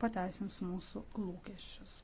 pateisins mūsų lūkesčius.